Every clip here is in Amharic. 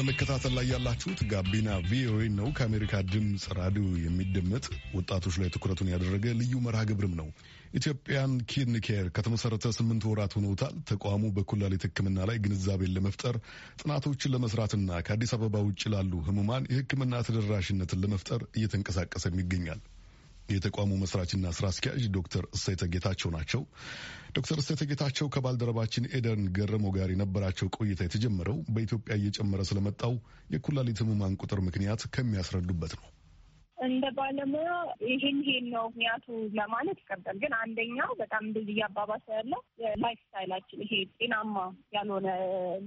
በመከታተል ላይ ያላችሁት ጋቢና ቪኦኤ ነው። ከአሜሪካ ድምፅ ራዲዮ የሚደመጥ ወጣቶች ላይ ትኩረቱን ያደረገ ልዩ መርሃ ግብርም ነው። ኢትዮጵያን ኪድኒ ኬር ከተመሰረተ ስምንት ወራት ሆኖታል። ተቋሙ በኩላሊት ሕክምና ላይ ግንዛቤን ለመፍጠር ጥናቶችን ለመስራትና ከአዲስ አበባ ውጭ ላሉ ህሙማን የሕክምና ተደራሽነትን ለመፍጠር እየተንቀሳቀሰም ይገኛል። የተቋሙ መስራችና ስራ አስኪያጅ ዶክተር እሰይተ ጌታቸው ናቸው። ዶክተር እሰይተ ጌታቸው ከባልደረባችን ኤደን ገረሞ ጋር የነበራቸው ቆይታ የተጀመረው በኢትዮጵያ እየጨመረ ስለመጣው የኩላሊት ሕሙማን ቁጥር ምክንያት ከሚያስረዱበት ነው። እንደ ባለሙያ ይህን ይሄን ነው ምክንያቱ ለማለት ይከብዳል። ግን አንደኛው በጣም እንደዚህ እያባባሰ ያለው ላይፍ ስታይላችን ይሄ ጤናማ ያልሆነ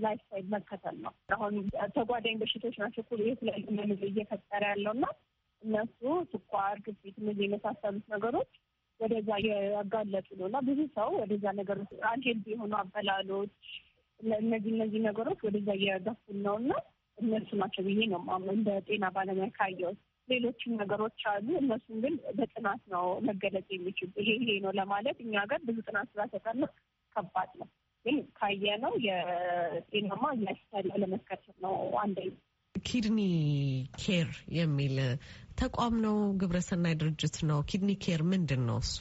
ላይፍ ስታይል መከተል ነው። አሁን ተጓዳኝ በሽቶች ናቸው የተለያዩ እየፈጠረ ያለው እና እነሱ ስኳር፣ ግፊት እነዚህ የመሳሰሉት ነገሮች ወደዛ ያጋለጡ ነው እና ብዙ ሰው ወደዛ ነገሮች አንሄልዚ የሆኑ አበላሎች እነዚህ እነዚህ ነገሮች ወደዛ እየገፉን ነው እና እነሱ ናቸው ብዬ ነው እንደ ጤና ባለሙያ ካየሁት። ሌሎችም ነገሮች አሉ። እነሱም ግን በጥናት ነው መገለጽ የሚችሉ ይሄ ይሄ ነው ለማለት እኛ ሀገር ብዙ ጥናት ስላልተጠና ከባድ ነው። ግን ካየ ነው የጤናማ እያስታለ ነው አንደኛ ኪድኒ ኬር የሚል ተቋም ነው? ግብረሰናይ ድርጅት ነው? ኪድኒ ኬር ምንድን ነው እሱ?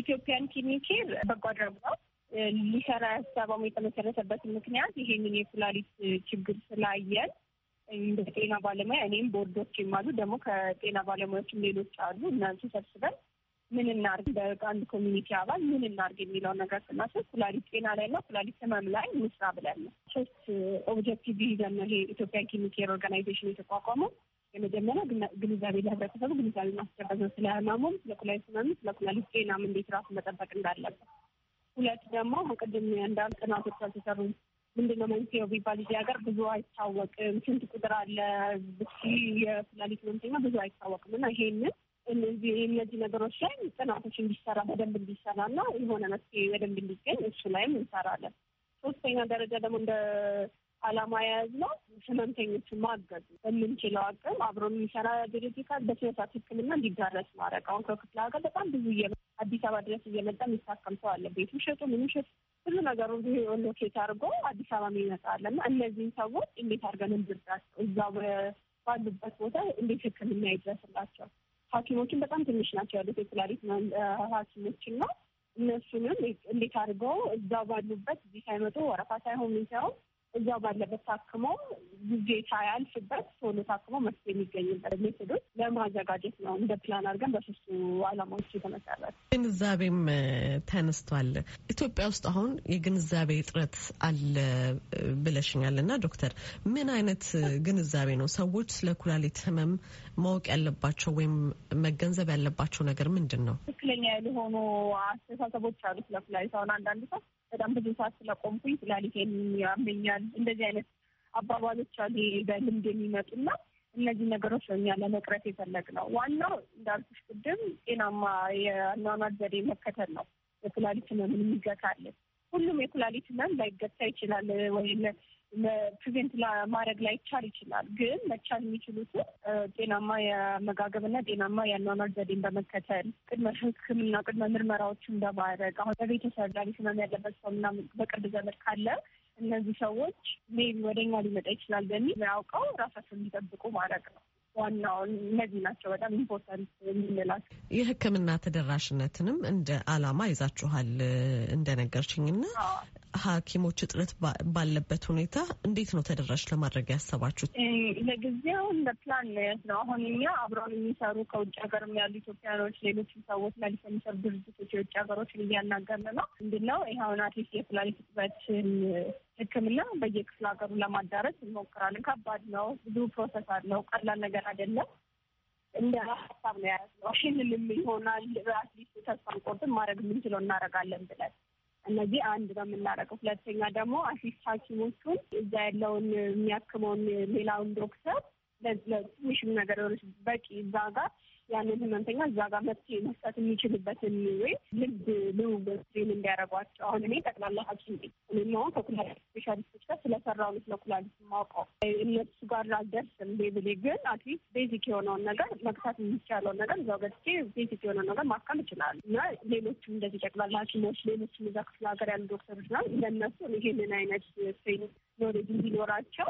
ኢትዮጵያን ኪድኒ ኬር በጎ አድራጎት ሊሰራ ያሰበውም የተመሰረተበት ምክንያት ይሄንን የኩላሊት ችግር ስላየን እንደ ጤና ባለሙያ እኔም ቦርዶች አሉ፣ ደግሞ ከጤና ባለሙያዎችም ሌሎች አሉ። እናንተ ሰብስበን ምን እናርግ፣ በአንድ ኮሚኒቲ አባል ምን እናርግ የሚለውን ነገር ስናስብ ኩላሊት ጤና ላይ እና ኩላሊት ህመም ላይ ምስራ ብለን ነው ሶስት ኦብጀክቲቭ ይዘን ነው ይሄ ኢትዮጵያን ኪድኒ ኬር ኦርጋናይዜሽን የተቋቋመው። የመጀመሪያ ግንዛቤ ለህብረተሰቡ ግንዛቤ ማስጨበጥ ነው። ስለ ህመሙም፣ ስለ ኩላሊት ህመም፣ ስለ ኩላሊት ጤናም እንዴት ራሱ መጠበቅ እንዳለበት። ሁለት ደግሞ ቅድም እንዳል ጥናቶች አልተሰሩ ምንድን ነው መንስኤው ቢባል እዚህ ሀገር ብዙ አይታወቅም። ስንት ቁጥር አለ ብስ የኩላሊት ህመምተኛ ብዙ አይታወቅም እና ይሄንን እነዚህ እነዚህ ነገሮች ላይ ጥናቶች እንዲሰራ በደንብ እንዲሰራ እና የሆነ መፍትሄ በደንብ እንዲገኝ እሱ ላይም እንሰራለን። ሶስተኛ ደረጃ ደግሞ እንደ አላማ የያዝ ነው ህመምተኞችን ማገዝ በምንችለው አቅም አብሮ የሚሰራ ድርጅት ጋር በስነሳት ህክምና እንዲዳረስ ማድረግ። አሁን ከክፍለ ሀገር በጣም ብዙ አዲስ አበባ ድረስ እየመጣ የሚታከም ሰው አለ። ቤቱ ሸጡ ምንም ሸጡ ብዙ ነገሩ ሎኬት አድርጎ አዲስ አበባ ይመጣል እና እነዚህን ሰዎች እንዴት አድርገን እንድርዳት እዛ ባሉበት ቦታ እንዴት ህክምና ይድረስላቸው። ሀኪሞችን በጣም ትንሽ ናቸው ያሉት የኩላሊት ሀኪሞች ነው እነሱንም እንዴት አድርገው እዛው ባሉበት እዚህ ሳይመጡ ወረፋ ሳይሆን ምን እዚያው ባለበት ታክሞ ጊዜ ሳያልፍበት ቶሎ ታክሞ መፍትሄ የሚገኝበት ሜቶዶች ለማዘጋጀት ነው እንደ ፕላን አድርገን በሶስቱ አላማዎች የተመሰረት ግንዛቤም ተነስቷል። ኢትዮጵያ ውስጥ አሁን የግንዛቤ እጥረት አለ ብለሽኛል እና ዶክተር ምን አይነት ግንዛቤ ነው ሰዎች ስለ ኩላሊት ህመም ማወቅ ያለባቸው ወይም መገንዘብ ያለባቸው ነገር ምንድን ነው? ትክክለኛ ያልሆኑ አስተሳሰቦች አሉ ስለ ኩላሊት አሁን አንዳንድ ሰው በጣም ብዙ ሰዓት ስለቆምኩኝ ስላሊቴን ያመኛል። እንደዚህ አይነት አባባሎች አሉ በልምድ የሚመጡና እነዚህ ነገሮች ነው እኛ ለመቅረት ነው። ዋናው እንዳልኩሽ ቅድም ጤናማ የአኗኗር ዘዴ መከተል ነው። የኩላሊት ህመምን የሚገታለን ሁሉም የኩላሊት ህመም ላይገታ ይችላል ወይ ፕሪቬንት ማድረግ ላይቻል ይችላል። ግን መቻል የሚችሉት ጤናማ የመጋገብና ጤናማ የአኗኗር ዘዴን በመከተል ቅድመ ሕክምና ቅድመ ምርመራዎችን በማድረግ አሁን በቤተሰብ ላይ ህመም ያለበት ሰውና በቅርብ ዘመድ ካለ እነዚህ ሰዎች ሜቢ ወደኛ ሊመጣ ይችላል በሚል የሚያውቀው ራሳቸው እንዲጠብቁ ማድረግ ነው። ዋናውን እነዚህ ናቸው። በጣም ኢምፖርታንት የምንላቸው የህክምና ተደራሽነትንም እንደ አላማ ይዛችኋል እንደነገርችኝ ሐኪሞች እጥረት ባለበት ሁኔታ እንዴት ነው ተደራሽ ለማድረግ ያሰባችሁት? ለጊዜው እንደ ፕላን ነው አሁን እኛ አብረን የሚሰሩ ከውጭ ሀገርም ያሉ ኢትዮጵያኖች፣ ሌሎች ሰዎች መልስ የሚሰሩ ድርጅቶች የውጭ ሀገሮችን እያናገርን ነው። ምንድን ነው ይኸውን አትሊስት የኩላሊት እጥበትን ሕክምና በየክፍለ ሀገሩ ለማዳረስ እንሞክራለን። ከባድ ነው፣ ብዙ ፕሮሰስ አለው፣ ቀላል ነገር አይደለም። እንደ ሀሳብ ነው የያዝነው። ይህንንም ይሆናል አትሊስት ተስፋ አንቆርጥም፣ ማድረግ የምንችለው እናደርጋለን ብለን እነዚህ አንድ ነው ሁለተኛ ደግሞ አሲስት ሐኪሞቹን እዛ ያለውን የሚያክመውን ሌላውን ዶክተር ለትንሽም ነገር የሆነች በቂ እዛ ጋር ያንን ህመምተኛ እዛ ጋር መፍትሄ መስጠት የሚችልበትን ወይ ልብ ልውውጥ ወይም እንዲያደርጓቸው አሁን እኔ ጠቅላላ ሐኪም ቤት እኔም አሁን ከኩላሊት ስፔሻሊስቶች ጋር ስለሰራው ስለ ኩላሊት የማውቀው እነሱ ጋር አልደርስም ብሌ ግን አትሊስት ቤዚክ የሆነውን ነገር መግታት የሚቻለውን ነገር እዛው ገድቼ ቤዚክ የሆነውን ነገር ማከም ይችላሉ እና ሌሎችም እንደዚህ ጠቅላላ ሐኪሞች ሌሎችም እዛ ክፍለ ሀገር ያሉ ዶክተሮች ነው ለእነሱ ይሄንን አይነት ትሬኒንግ ኖሌጅ እንዲኖራቸው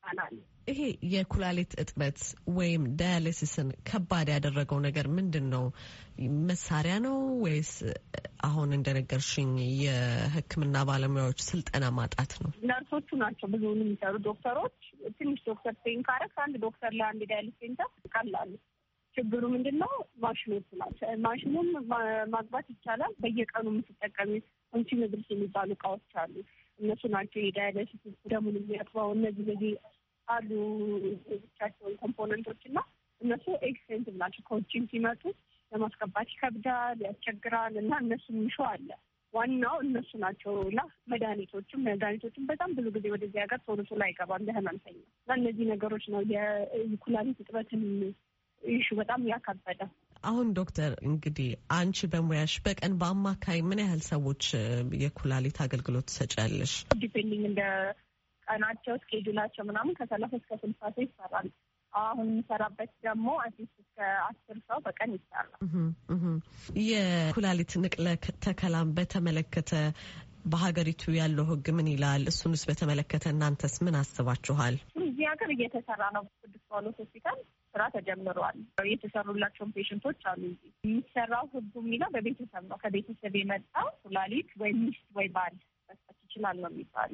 ይባላል። ይሄ የኩላሊት እጥበት ወይም ዳያሊሲስን ከባድ ያደረገው ነገር ምንድን ነው? መሳሪያ ነው ወይስ አሁን እንደነገርሽኝ የሕክምና ባለሙያዎች ስልጠና ማጣት ነው? ነርሶቹ ናቸው ብዙውን የሚሰሩ ዶክተሮች። ትንሽ ዶክተር ፔን ካረክ አንድ ዶክተር ለአንድ ዳያሊስ ሴንተር ይቀላሉ። ችግሩ ምንድን ነው? ማሽኖች ናቸው። ማሽኑም ማግባት ይቻላል። በየቀኑ የምትጠቀሚ ኦንቺ ምግብስ የሚባሉ እቃዎች አሉ እነሱ ናቸው የዳያሊሲስ ደሙን የሚያጥበው እነዚህ እነዚህ አሉ ቻቸውን ኮምፖነንቶች እና እነሱ ኤክስፔንሲቭ ናቸው። ከውጭም ሲመጡ ለማስገባት ይከብዳል፣ ያስቸግራል እና እነሱ ምሾ አለ ዋናው እነሱ ናቸው ላ መድኃኒቶችም መድኃኒቶችም በጣም ብዙ ጊዜ ወደዚህ ሀገር ቶሎ ቶሎ አይገባም ለህመምተኛ እና እነዚህ ነገሮች ነው የኩላሊት እጥበትን ይሹ በጣም ያካበደ አሁን ዶክተር እንግዲህ አንቺ በሙያሽ በቀን በአማካይ ምን ያህል ሰዎች የኩላሊት አገልግሎት ትሰጫለሽ? ዲፔንዲንግ እንደ ቀናቸው ስኬጁላቸው ምናምን ከሰላሳ እስከ ስልሳ ሰው ይሰራል። አሁን የሚሰራበት ደግሞ አዲስ እስከ አስር ሰው በቀን ይሰራል። የኩላሊት ንቅለ ተከላም በተመለከተ በሀገሪቱ ያለው ህግ ምን ይላል? እሱንስ በተመለከተ እናንተስ ምን አስባችኋል? እዚህ ሀገር እየተሰራ ነው። ቅዱስ ጳውሎስ ሆስፒታል ስራ ተጀምረዋል። የተሰሩላቸውን ፔሽንቶች አሉ። የሚሰራው ህጉ የሚለው በቤተሰብ ነው። ከቤተሰብ የመጣው ኩላሊት ወይ ሚስት ወይ ባል መስጠት ይችላል ነው የሚባሉ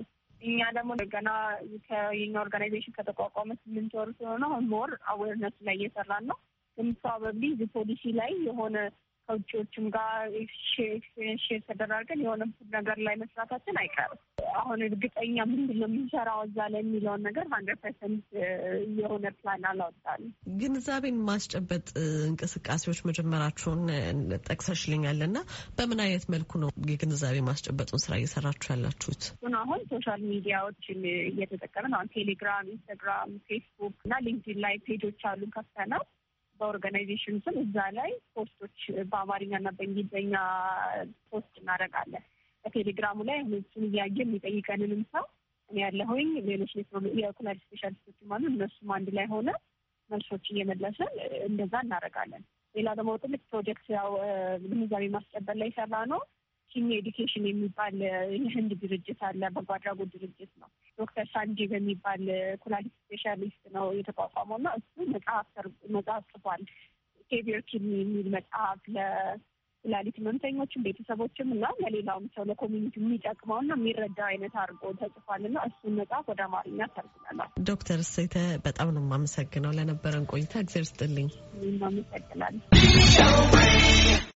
እኛ ደግሞ ገና ከኛ ኦርጋናይዜሽን ከተቋቋመ ስምንት ወር ሲሆነ ሞር አዌርነስ ላይ እየሰራን ነው። ግን ፕሮባብሊ ፖሊሲ ላይ የሆነ ከውጭዎችም ጋር ሼር ተደራርገን የሆነ ነገር ላይ መስራታችን አይቀርም። አሁን እርግጠኛ ምንድን ነው የምንሰራው እዛ ላይ የሚለውን ነገር ሀንድረድ ፐርሰንት uh, የሆነ ፕላን አላወጣል። ግንዛቤን ማስጨበጥ እንቅስቃሴዎች መጀመራችሁን ጠቅሰሽልኛል እና በምን አይነት መልኩ ነው የግንዛቤ ማስጨበጡን ስራ እየሰራችሁ ያላችሁት? አሁን ሶሻል ሚዲያዎችን እየተጠቀምን አሁን ቴሌግራም፣ ኢንስታግራም፣ ፌስቡክ እና ሊንክዲን ላይ ፔጆች አሉን ነው። በኦርጋናይዜሽን ስም እዛ ላይ ፖስቶች በአማርኛና በእንግሊዝኛ ፖስት እናደርጋለን። በቴሌግራሙ ላይ ሁለቱን እያየ የሚጠይቀንንም ሰው እኔ ያለሁኝ ሌሎች የኩላሊት ስፔሻሊስቶችም አሉ። እነሱም አንድ ላይ ሆነ መልሶች እየመለስን እንደዛ እናደርጋለን። ሌላ ደግሞ ትልቅ ፕሮጀክት ያው ግንዛቤ ማስጨበል ላይ ሰራ ነው ኪሚ ኤዲኬሽን የሚባል የህንድ ድርጅት አለ፣ በጎ አድራጎት ድርጅት ነው። ዶክተር ሳንጂ በሚባል ኩላሊት ስፔሻሊስት ነው የተቋቋመው እና እሱ መጽሐፍ ጽፏል። ሴቪር ኪሚ የሚል መጽሐፍ ለኩላሊት ህመምተኞችም ቤተሰቦችም እና ለሌላውም ሰው ለኮሚኒቲ የሚጠቅመው እና የሚረዳው አይነት አድርጎ ተጽፏል እና እሱን መጽሐፍ ወደ አማርኛ ተርጉመናል። ዶክተር ሴተ በጣም ነው የማመሰግነው ለነበረን ቆይታ። እግዜር ስጥልኝ። እናመሰግናለን።